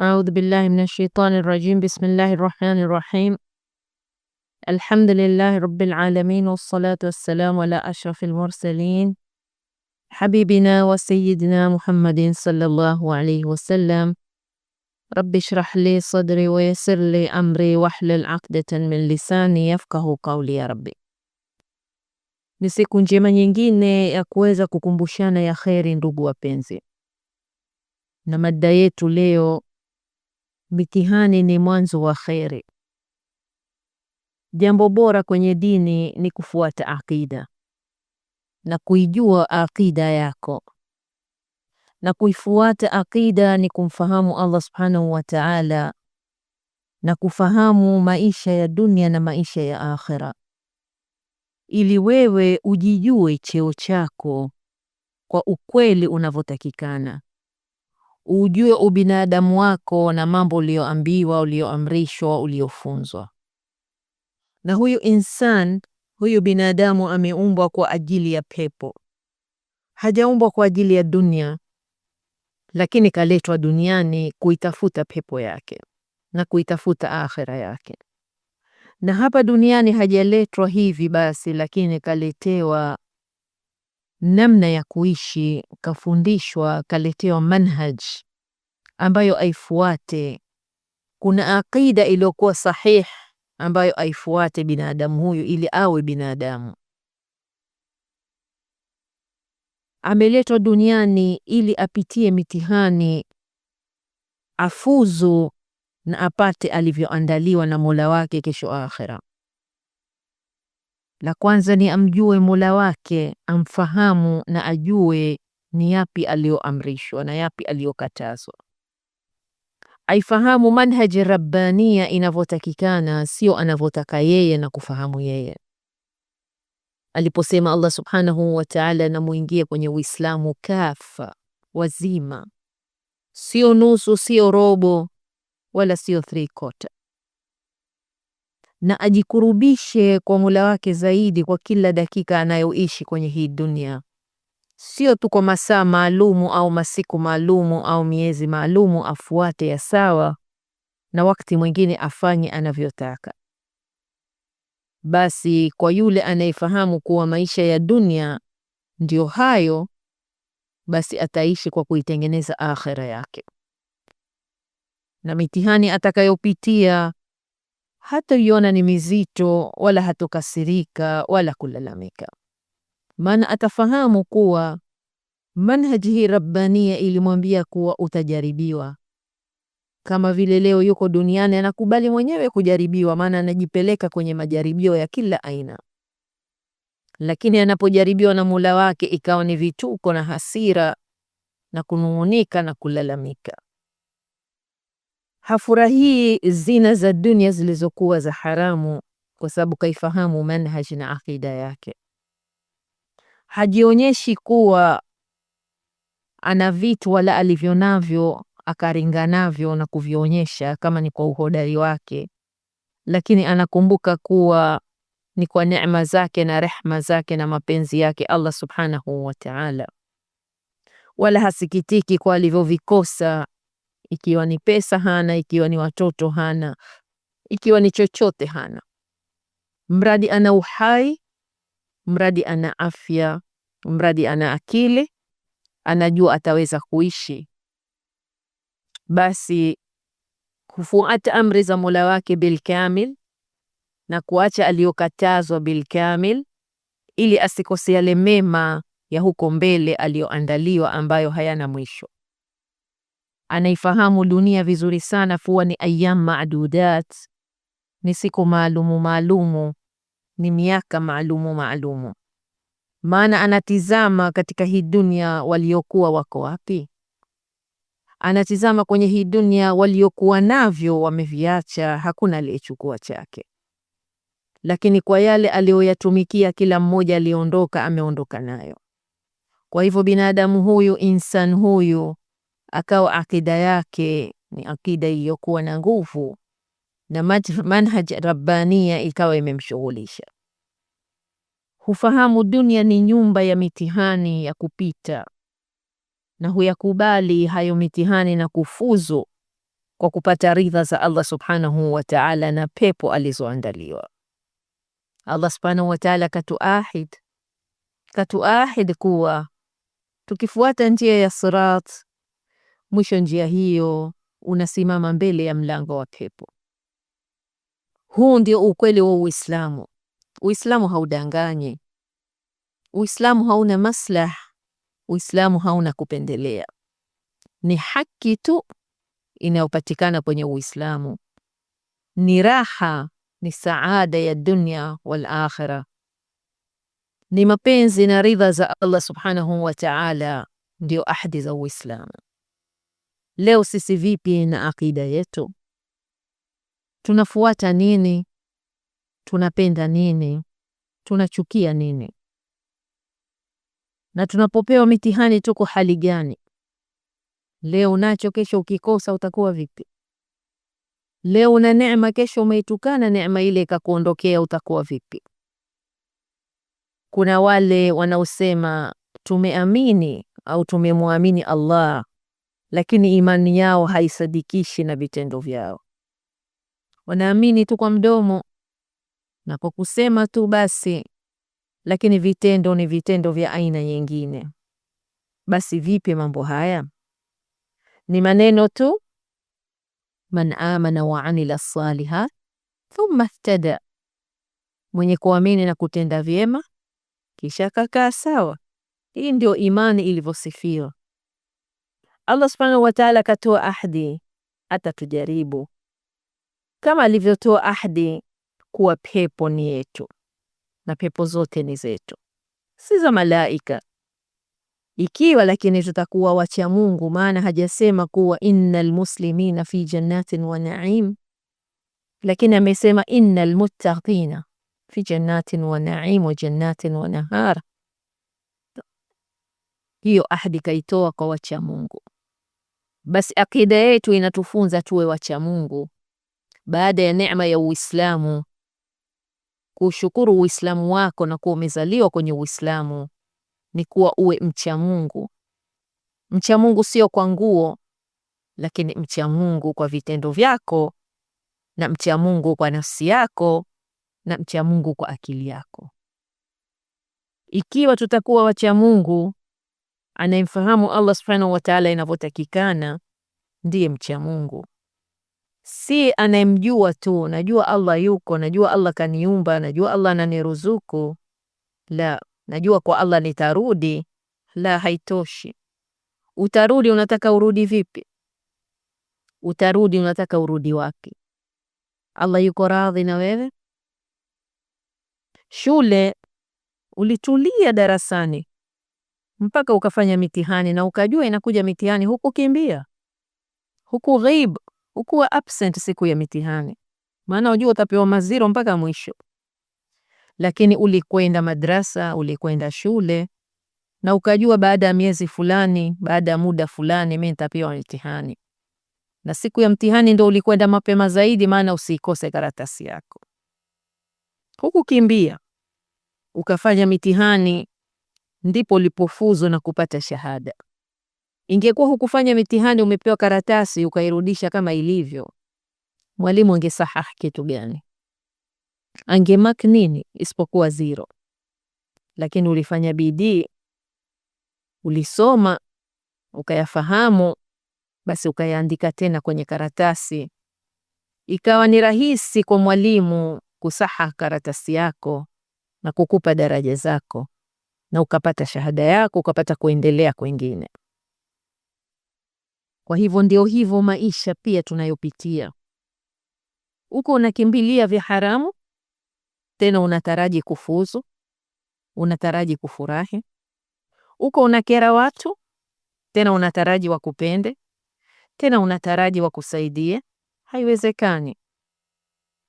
أعوذ بالله من الشيطان الرجيم بسم الله الرحمن الرحيم الحمد لله رب العالمين والصلاة والسلام على أشرف المرسلين حبيبنا وسيدنا محمد صلى الله عليه وسلم رب اشرح لي صدري ويسر لي أمري واحلل عقدة من لساني يفقه قولي يا ربي نسيكون جيما njema nyingine ya يا kukumbushana ya kheri, ndugu wapenzi, na Mitihani ni mwanzo wa kheri. Jambo bora kwenye dini ni kufuata akida na kuijua akida yako, na kuifuata akida ni kumfahamu Allah subhanahu wa ta'ala, na kufahamu maisha ya dunia na maisha ya akhira, ili wewe ujijue cheo chako kwa ukweli unavyotakikana ujue ubinadamu wako na mambo ulioambiwa, ulioamrishwa, uliofunzwa. Na huyu insan, huyu binadamu ameumbwa kwa ajili ya pepo, hajaumbwa kwa ajili ya dunia, lakini kaletwa duniani kuitafuta pepo yake na kuitafuta akhira yake. Na hapa duniani hajaletwa hivi basi, lakini kaletewa namna ya kuishi, kafundishwa, kaletewa manhaj ambayo aifuate. Kuna aqida iliyokuwa sahih ambayo aifuate binadamu huyu ili awe binadamu. Ameletwa duniani ili apitie mitihani, afuzu na apate alivyoandaliwa na Mola wake kesho akhera. La kwanza ni amjue Mola wake, amfahamu na ajue ni yapi aliyoamrishwa na yapi aliyokatazwa. Aifahamu manhaji rabbania inavyotakikana, sio anavyotaka yeye na kufahamu yeye. Aliposema Allah subhanahu wa ta'ala, namuingie kwenye Uislamu kafa, wazima, sio nusu, sio robo, wala sio three quarter na ajikurubishe kwa Mola wake zaidi kwa kila dakika anayoishi kwenye hii dunia, sio tu kwa masaa maalumu au masiku maalumu au miezi maalumu. Afuate ya sawa na wakati mwingine afanye anavyotaka. Basi kwa yule anayefahamu kuwa maisha ya dunia ndio hayo, basi ataishi kwa kuitengeneza akhera yake, na mitihani atakayopitia hatoiona ni mizito wala hatokasirika wala kulalamika, maana atafahamu kuwa manhaji hii rabbania ilimwambia kuwa utajaribiwa. Kama vile leo yuko duniani anakubali mwenyewe kujaribiwa, maana anajipeleka kwenye majaribio ya kila aina, lakini anapojaribiwa na mula wake ikawa ni vituko na hasira na kunung'unika na kulalamika hafurahii zina za dunia zilizokuwa za haramu, kwa sababu kaifahamu manhaji na akida yake. Hajionyeshi kuwa ana vitu wala alivyo navyo akaringa navyo na kuvionyesha kama ni kwa uhodari wake, lakini anakumbuka kuwa ni kwa neema zake na rehma zake na mapenzi yake Allah subhanahu wa ta'ala, wala hasikitiki kwa alivyovikosa ikiwa ni pesa hana, ikiwa ni watoto hana, ikiwa ni chochote hana, mradi ana uhai, mradi ana afya, mradi ana akili, anajua ataweza kuishi, basi kufuata amri za Mola wake bilkamil na kuacha aliyokatazwa bilkamil, ili asikose yale mema ya huko mbele aliyoandaliwa ambayo hayana mwisho anaifahamu dunia vizuri sana kuwa ni ayyam maadudat, ni siku maalumu maalumu, ni miaka maalumu maalumu. Maana anatizama katika hii dunia waliokuwa wako wapi, anatizama kwenye hii dunia waliokuwa navyo wameviacha, hakuna aliyechukua chake, lakini kwa yale aliyoyatumikia kila mmoja aliondoka, ameondoka nayo. Kwa hivyo binadamu huyu, insan huyu akawa akida yake ni akida iliyokuwa na nguvu na manhaj rabbania ikawa imemshughulisha. Hufahamu dunia ni nyumba ya mitihani ya kupita, na huyakubali hayo mitihani na kufuzu kwa kupata ridha za Allah subhanahu wa ta'ala na pepo alizoandaliwa. Allah subhanahu wa ta'ala katuahid, katuahid kuwa tukifuata njia ya sirat Mwisho njia hiyo unasimama mbele ya mlango wa pepo. Huu ndio ukweli wa Uislamu. Uislamu haudanganyi. Uislamu hauna maslah Uislamu hauna kupendelea. Ni haki tu inayopatikana kwenye Uislamu. Ni raha, ni saada ya dunia wal akhira, ni mapenzi na ridha za Allah subhanahu wa ta'ala, ndio ahadi za Uislamu. Leo sisi vipi na akida yetu? Tunafuata nini? Tunapenda nini? Tunachukia nini? Na tunapopewa mitihani tuko hali gani? Leo nacho, kesho ukikosa utakuwa vipi? Leo una neema, kesho umeitukana neema ile ikakuondokea, utakuwa vipi? Kuna wale wanaosema tumeamini au tumemwamini Allah lakini imani yao haisadikishi na vitendo vyao. Wanaamini tu kwa mdomo na kwa kusema tu basi, lakini vitendo ni vitendo vya aina nyingine. Basi vipi mambo haya? Ni maneno tu. Man amana wa amila saliha thumma ihtada, mwenye kuamini na kutenda vyema kisha akakaa sawa. Hii ndio imani ilivyosifiwa. Allah subhanahu wa taala akatoa ahdi atatujaribu, kama alivyotoa ahdi kuwa pepo ni yetu na pepo zote ni zetu, si za malaika, ikiwa lakini tutakuwa wacha Mungu, maana hajasema kuwa innal muslimina fi jannatin wa naim, lakini amesema innal muttaqina fi jannatin wa naim wa jannatin wa nahar hiyo ahadi kaitoa kwa wacha Mungu. Basi akida yetu inatufunza tuwe wacha Mungu baada ya neema ya Uislamu, kushukuru Uislamu wako na kuwa umezaliwa kwenye Uislamu ni kuwa uwe mcha Mungu. Mcha Mungu sio kwa nguo, lakini mcha Mungu kwa vitendo vyako, na mcha Mungu kwa nafsi yako, na mcha Mungu kwa akili yako. Ikiwa tutakuwa wacha Mungu, anayemfahamu Allah subhanahu wataala inavyotakikana ndiye mcha Mungu, si anayemjua tu. Najua Allah yuko, najua Allah kaniumba, najua Allah ananiruzuku, la, najua kwa Allah nitarudi, la, haitoshi. Utarudi, unataka urudi vipi? Utarudi, unataka urudi wapi? Allah yuko radhi na wewe? Shule ulitulia darasani, mpaka ukafanya mitihani na ukajua inakuja mitihani, huku kimbia huku ghaib huku absent siku ya mitihani, maana unajua utapewa maziro mpaka mwisho. Lakini ulikwenda madrasa, ulikwenda shule na ukajua baada ya miezi fulani, baada ya muda fulani, mimi nitapewa mtihani, na siku ya mtihani ndio ulikwenda mapema zaidi, maana usikose karatasi yako. Huku kimbia ukafanya mitihani ndipo ulipofuzu na kupata shahada. Ingekuwa hukufanya mitihani, umepewa karatasi ukairudisha kama ilivyo, mwalimu angesahahi kitu gani? Angemak nini isipokuwa zero? Lakini ulifanya bidii, ulisoma, ukayafahamu, basi ukayaandika tena kwenye karatasi, ikawa ni rahisi kwa mwalimu kusaha karatasi yako na kukupa daraja zako na ukapata shahada yako, ukapata kuendelea kwengine. Kwa hivyo ndio hivyo maisha pia tunayopitia huko, unakimbilia vya haramu, tena unataraji kufuzu, unataraji kufurahi huko, unakera watu, tena unataraji wakupende, tena unataraji wakusaidie. Haiwezekani.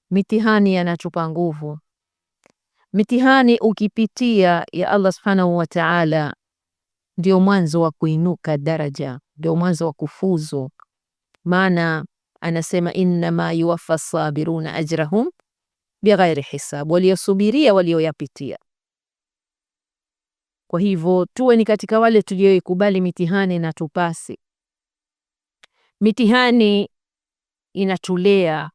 Mitihani yanatupa nguvu. Mitihani ukipitia ya Allah subhanahu wa ta'ala, ndio mwanzo wa kuinuka daraja, ndio mwanzo wa kufuzu. Maana anasema innama yuwaffa sabiruna ajrahum bighairi hisab, waliosubiria walioyapitia. Kwa hivyo tuwe ni katika wale tulioikubali mitihani na tupasi. Mitihani inatulea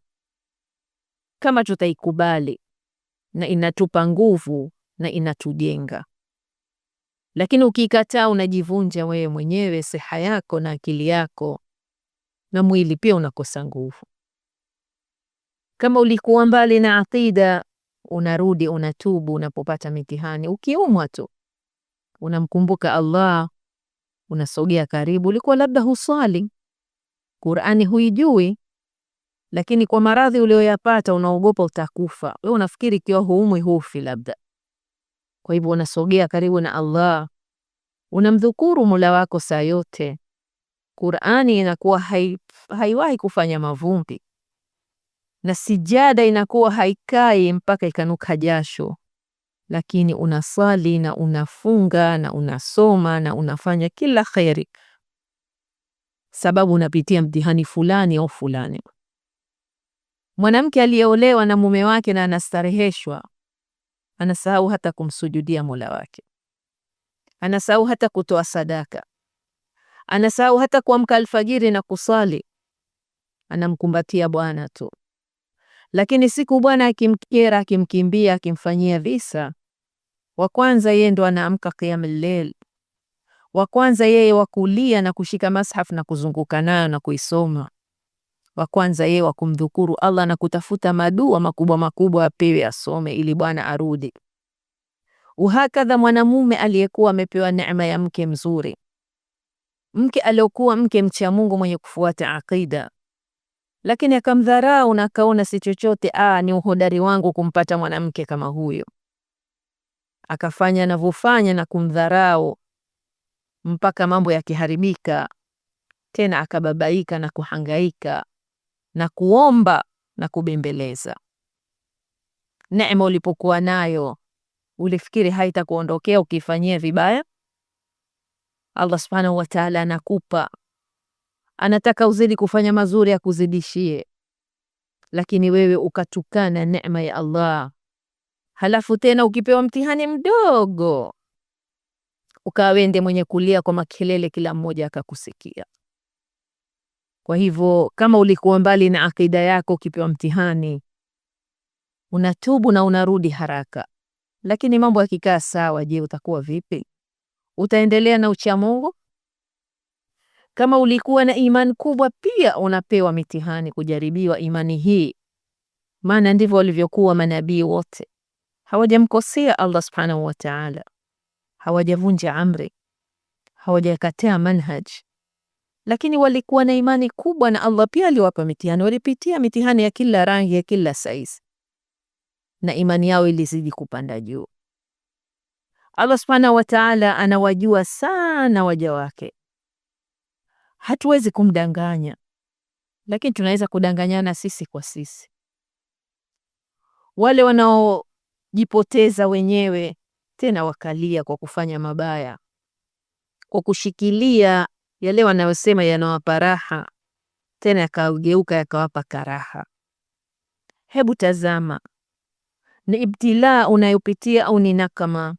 kama tutaikubali na inatupa nguvu na inatujenga. Lakini ukikataa, unajivunja wewe mwenyewe, siha yako na akili yako na mwili pia unakosa nguvu. Kama ulikuwa mbali na akida, unarudi unatubu. Unapopata mitihani, ukiumwa tu unamkumbuka Allah, unasogea karibu. Ulikuwa labda huswali, Qur'ani huijui, lakini kwa maradhi uliyoyapata unaogopa utakufa. Wewe unafikiri ikiwa huumwi hufi labda. Kwa hivyo unasogea karibu na Allah, unamdhukuru Mola wako saa yote. Qur'ani inakuwa hai, haiwahi kufanya mavumbi na sijada inakuwa haikai mpaka ikanuka jasho, lakini unasali na unafunga na unasoma na unafanya kila kheri, sababu unapitia mtihani fulani au fulani. Mwanamke aliyeolewa na mume wake na anastareheshwa anasahau hata kumsujudia Mola wake, anasahau hata kutoa sadaka, anasahau hata kuamka alfajiri na kusali, anamkumbatia Bwana tu. Lakini siku Bwana akimkera, akimkimbia, akimfanyia visa, wa kwanza yeye ndo anaamka qiyamul lail, wa kwanza yeye wakulia na kushika mashaf na kuzunguka nayo na kuisoma wa kwanza yeye wa kumdhukuru Allah na kutafuta madua makubwa makubwa apewe asome ili bwana arudi. Uhakadha mwanamume aliyekuwa amepewa neema ya mke mzuri, mke aliyokuwa mke mcha Mungu mwenye kufuata akida, lakini akamdharau na akaona si chochote, ah, ni uhodari wangu kumpata mwanamke kama huyo, akafanya anavyofanya na kumdharau mpaka mambo yakiharibika, tena akababaika na kuhangaika na kuomba na kubembeleza. Neema ulipokuwa nayo ulifikiri haitakuondokea ukifanyia vibaya? Allah subhanahu wa taala anakupa, anataka uzidi kufanya mazuri ya kuzidishie, lakini wewe ukatukana neema ya Allah. Halafu tena ukipewa mtihani mdogo ukawende mwenye kulia kwa makelele, kila mmoja akakusikia. Kwa hivyo kama ulikuwa mbali na akida yako, ukipewa mtihani unatubu na unarudi haraka. Lakini mambo yakikaa sawa, je, utakuwa vipi? Utaendelea na Mungu? Kama ulikuwa na imani kubwa, pia unapewa mitihani, kujaribiwa imani hii, maana ndivyo walivyokuwa manabii wote. Hawajamkosea Allah subhanahu wa ta'ala, hawajavunja amri, hawajakatea manhaj lakini walikuwa na imani kubwa na Allah. Pia aliwapa mitihani, walipitia mitihani ya kila rangi, ya kila saizi, na imani yao ilizidi kupanda juu. Allah subhanahu wa ta'ala anawajua sana waja wake, hatuwezi kumdanganya, lakini tunaweza kudanganyana sisi kwa sisi. Wale wanaojipoteza wenyewe tena wakalia kwa kufanya mabaya, kwa kushikilia yale wanayosema yanawapa raha tena yakageuka yakawapa karaha. Hebu tazama, ni ibtilaa unayopitia au ni nakama?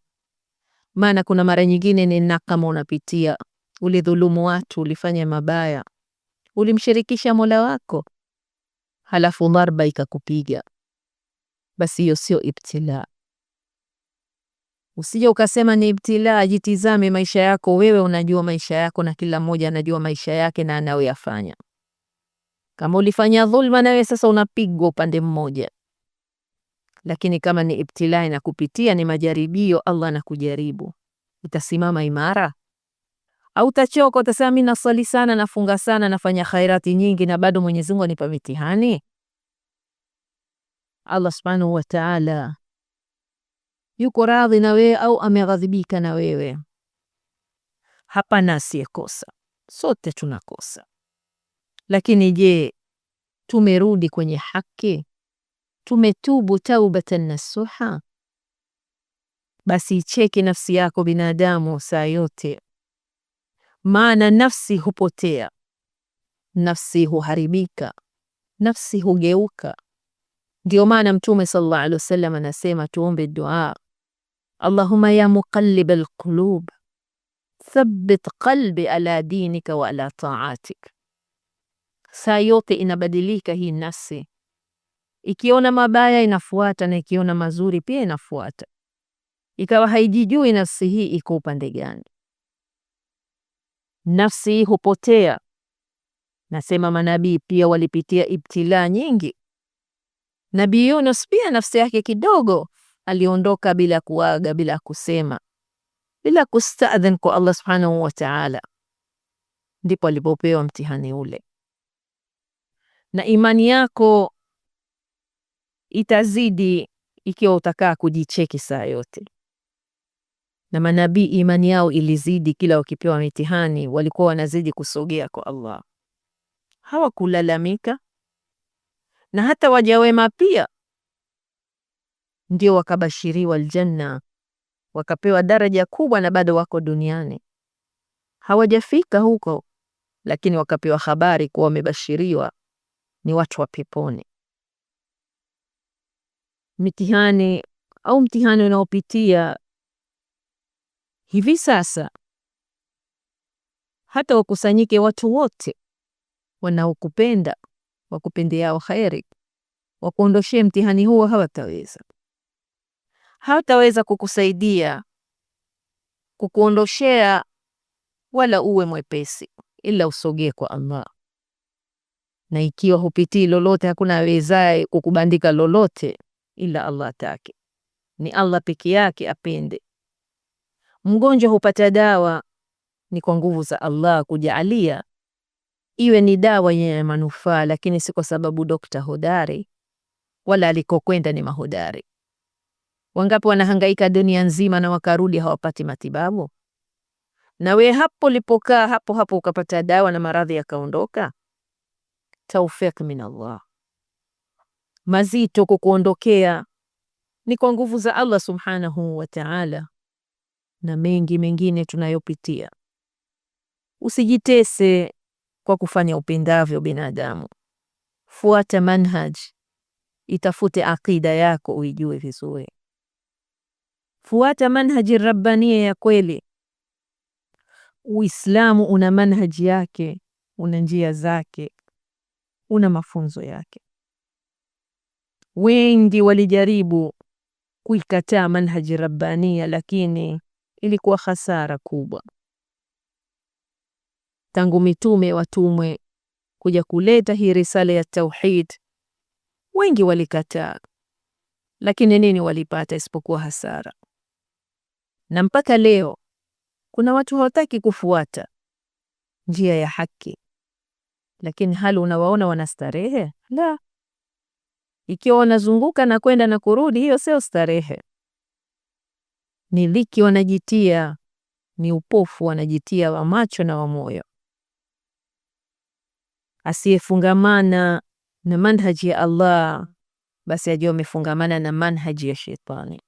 Maana kuna mara nyingine ni nakama unapitia, ulidhulumu watu, ulifanya mabaya, ulimshirikisha Mola wako, halafu dharba ikakupiga. Basi hiyo sio ibtilaa. Usije ukasema ni ibtila. Jitizame maisha yako wewe, unajua maisha yako na kila mmoja anajua maisha yake na anayoyafanya. Kama ulifanya dhulma, nawe sasa unapigwa upande mmoja, lakini kama ni ibtila na kupitia ni majaribio, Allah anakujaribu, utasimama imara au utachoka? Utasema mimi nasali sana, nafunga sana, nafanya khairati nyingi, na bado Mwenyezi Mungu anipa mitihani. Allah subhanahu wa ta'ala yuko radhi na wewe au ameghadhibika na wewe. Hapana asiyekosa, sote tunakosa. Lakini je, tumerudi kwenye haki? Tumetubu taubatan nasuha? Basi icheke nafsi yako binadamu saa yote, maana nafsi hupotea, nafsi huharibika, nafsi hugeuka. Ndio maana Mtume sallallahu alaihi wasallam anasema tuombe dua Allahumma ya muqallib alqulub thabbit qalbi ala dinika wa ala taatik. Saa yote inabadilika hii nafsi, ikiona mabaya inafuata na ikiona mazuri pia inafuata, ikawa haijijui nafsi hii iko upande gani. Nafsi hii hupotea. Nasema manabii pia walipitia ibtilaa nyingi. Nabii Yunus pia nafsi yake kidogo aliondoka bila kuaga, bila kusema, bila kustadhin kwa Allah subhanahu wa ta'ala. Ndipo alipopewa mtihani ule, na imani yako itazidi ikiwa utakaa kujicheki saa yote. Na manabii imani yao ilizidi, kila wakipewa mitihani walikuwa wanazidi kusogea kwa Allah, hawakulalamika na hata waja wema pia ndio wakabashiriwa aljanna, wakapewa daraja kubwa, na bado wako duniani, hawajafika huko, lakini wakapewa habari kuwa wamebashiriwa ni watu wa peponi. Mitihani au mtihani unaopitia hivi sasa, hata wakusanyike watu wote wanaokupenda wakupendeao kheri, wakuondoshee mtihani huo, hawataweza hataweza kukusaidia kukuondoshea, wala uwe mwepesi, ila usogee kwa Allah. Na ikiwa hupitii lolote, hakuna awezaye kukubandika lolote ila Allah take, ni Allah peke yake apende. Mgonjwa hupata dawa ni kwa nguvu za Allah kujaalia iwe ni dawa yenye manufaa, lakini si kwa sababu dokta hodari wala alikokwenda ni mahodari. Wangapi wanahangaika dunia nzima na wakarudi hawapati matibabu? Na we hapo ulipokaa hapo hapo ukapata dawa na maradhi yakaondoka. Taufik min Allah, mazito kukuondokea ni kwa nguvu za Allah subhanahu wa ta'ala, na mengi mengine tunayopitia. Usijitese kwa kufanya upendavyo binadamu, fuata manhaj, itafute akida yako uijue vizuri. Fuata manhaji rabbania ya kweli. Uislamu una manhaji yake, una njia zake, una mafunzo yake. Wengi walijaribu kuikataa manhaji rabbania, lakini ilikuwa hasara kubwa. Tangu mitume watumwe kuja kuleta hii risala ya tauhid, wengi walikataa, lakini nini walipata isipokuwa hasara? na mpaka leo kuna watu hawataki kufuata njia ya haki, lakini hali unawaona wanastarehe. La, ikiwa wanazunguka na kwenda na kurudi, hiyo sio starehe, ni liki wanajitia, ni upofu wanajitia wa macho na wa moyo. Asiyefungamana na manhaji ya Allah basi ajua amefungamana na manhaji ya shetani.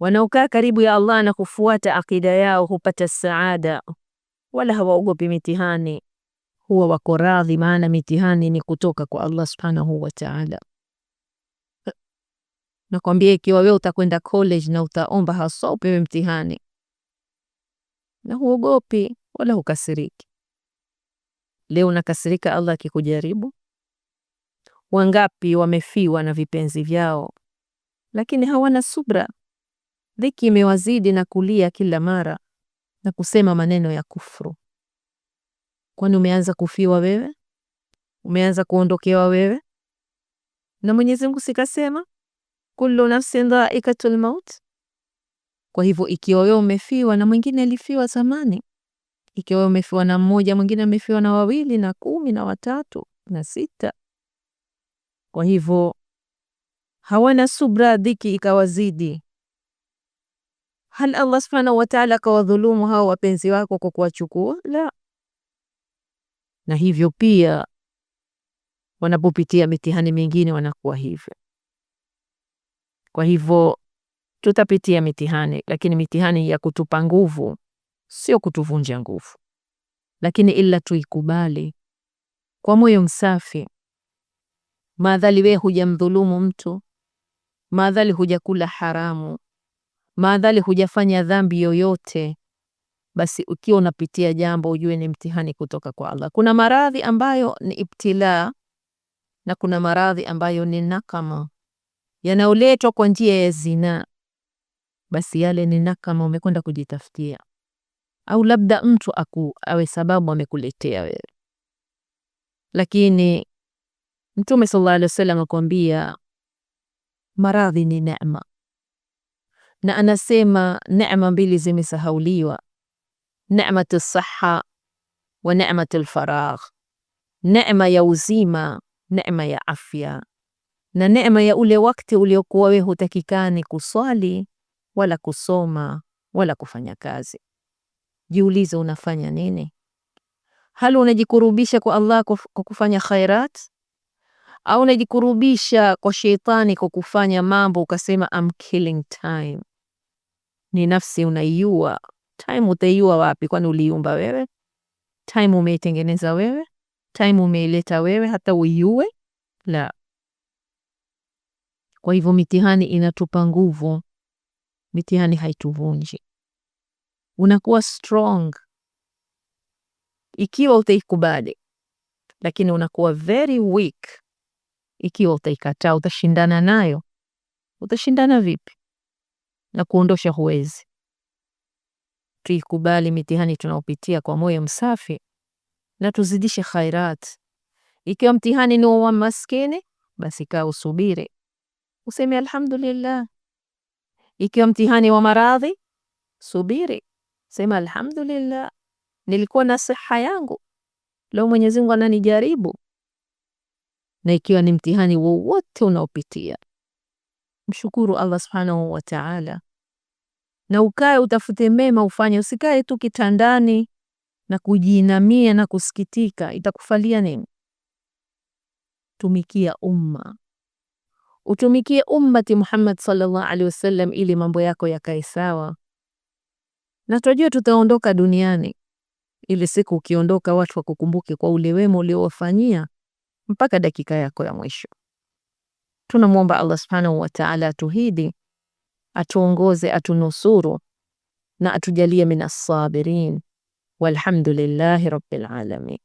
Wanaokaa karibu ya Allah na kufuata akida yao hupata saada, wala hawaogopi mitihani, huwa wako radhi, maana mitihani ni kutoka kwa Allah subhanahu wa ta'ala. Nakwambia, ikiwa wewe utakwenda college na utaomba hasa upewe mtihani, na huogopi wala hukasiriki. Leo unakasirika Allah akikujaribu? Wangapi wamefiwa na vipenzi vyao, lakini hawana subra. Dhiki imewazidi na kulia kila mara na kusema maneno ya kufuru. Kwani umeanza kufiwa wewe? Umeanza kuondokewa wewe? Na Mwenyezi Mungu sikasema kullu nafsin dhaikatul maut. Kwa hivyo ikiwa wewe umefiwa na mwingine alifiwa zamani, ikiwa wewe umefiwa na mmoja, mwingine amefiwa na wawili na kumi na watatu na sita, kwa hivyo hawana subra, dhiki ikawazidi Hal Allah subhanahu wataala akawadhulumu hao wapenzi wako kwa kuwachukua? La. Na hivyo pia wanapopitia mitihani mingine wanakuwa hivyo. Kwa hivyo tutapitia mitihani, lakini mitihani ya kutupa nguvu, sio kutuvunja nguvu, lakini ila tuikubali kwa moyo msafi, maadhali we hujamdhulumu mtu, maadhali hujakula haramu maadhali hujafanya dhambi yoyote, basi ukiwa unapitia jambo ujue ni mtihani kutoka kwa Allah. Kuna maradhi ambayo ni ibtila na kuna maradhi ambayo ni nakama yanayoletwa kwa njia ya zina, basi yale ni nakama, umekwenda kujitafutia, au labda mtu aku, awe sababu amekuletea wewe. Lakini Mtume sallallahu alaihi wasallam akwambia maradhi ni neema na anasema neema mbili zimesahauliwa, neematu saha neema ya lfaragh, neema ya uzima, neema ya afya, na neema ya ule wakati uliokuwa wewe hutakikani kuswali wala kusoma wala kufanya kazi. Jiulize, unafanya nini? Hali unajikurubisha kwa Allah kwa kufanya khairat au unajikurubisha kwa sheitani kwa kufanya mambo ukasema I'm killing time? ni nafsi unaiua. Time utaiua wapi? Kwani uliumba wewe? Time umeitengeneza wewe? Time umeileta wewe hata uiue? La. Kwa hivyo mitihani inatupa nguvu, mitihani haituvunji. Unakuwa strong ikiwa utaikubali, lakini unakuwa very weak ikiwa utaikataa. Utashindana nayo, utashindana vipi? na kuondosha huwezi. Tuikubali mitihani tunaopitia kwa moyo msafi na tuzidishe khairat. Ikiwa mtihani ni wa maskini, basi kaa usubiri, useme alhamdulillah. Ikiwa mtihani wa maradhi, subiri, sema alhamdulillah, nilikuwa na siha yangu, leo Mwenyezi Mungu ananijaribu. Na ikiwa ni mtihani wowote unaopitia Mshukuru Allah subhanahu wa ta'ala, na ukae utafute mema ufanye, usikae tu kitandani na kujiinamia na kusikitika, itakufalia nini? Tumikia umma, utumikie ummati Muhammad sallallahu alaihi wasallam, ili mambo yako yakae sawa. Na tunajua tutaondoka duniani, ili siku ukiondoka watu wakukumbuke kwa ule wema uliowafanyia mpaka dakika yako ya mwisho. Tunamwomba Allah subhanahu wa ta'ala atuhidi, atuongoze, atunusuru na atujalie min assabirin, walhamdulillahi rabbil alamin.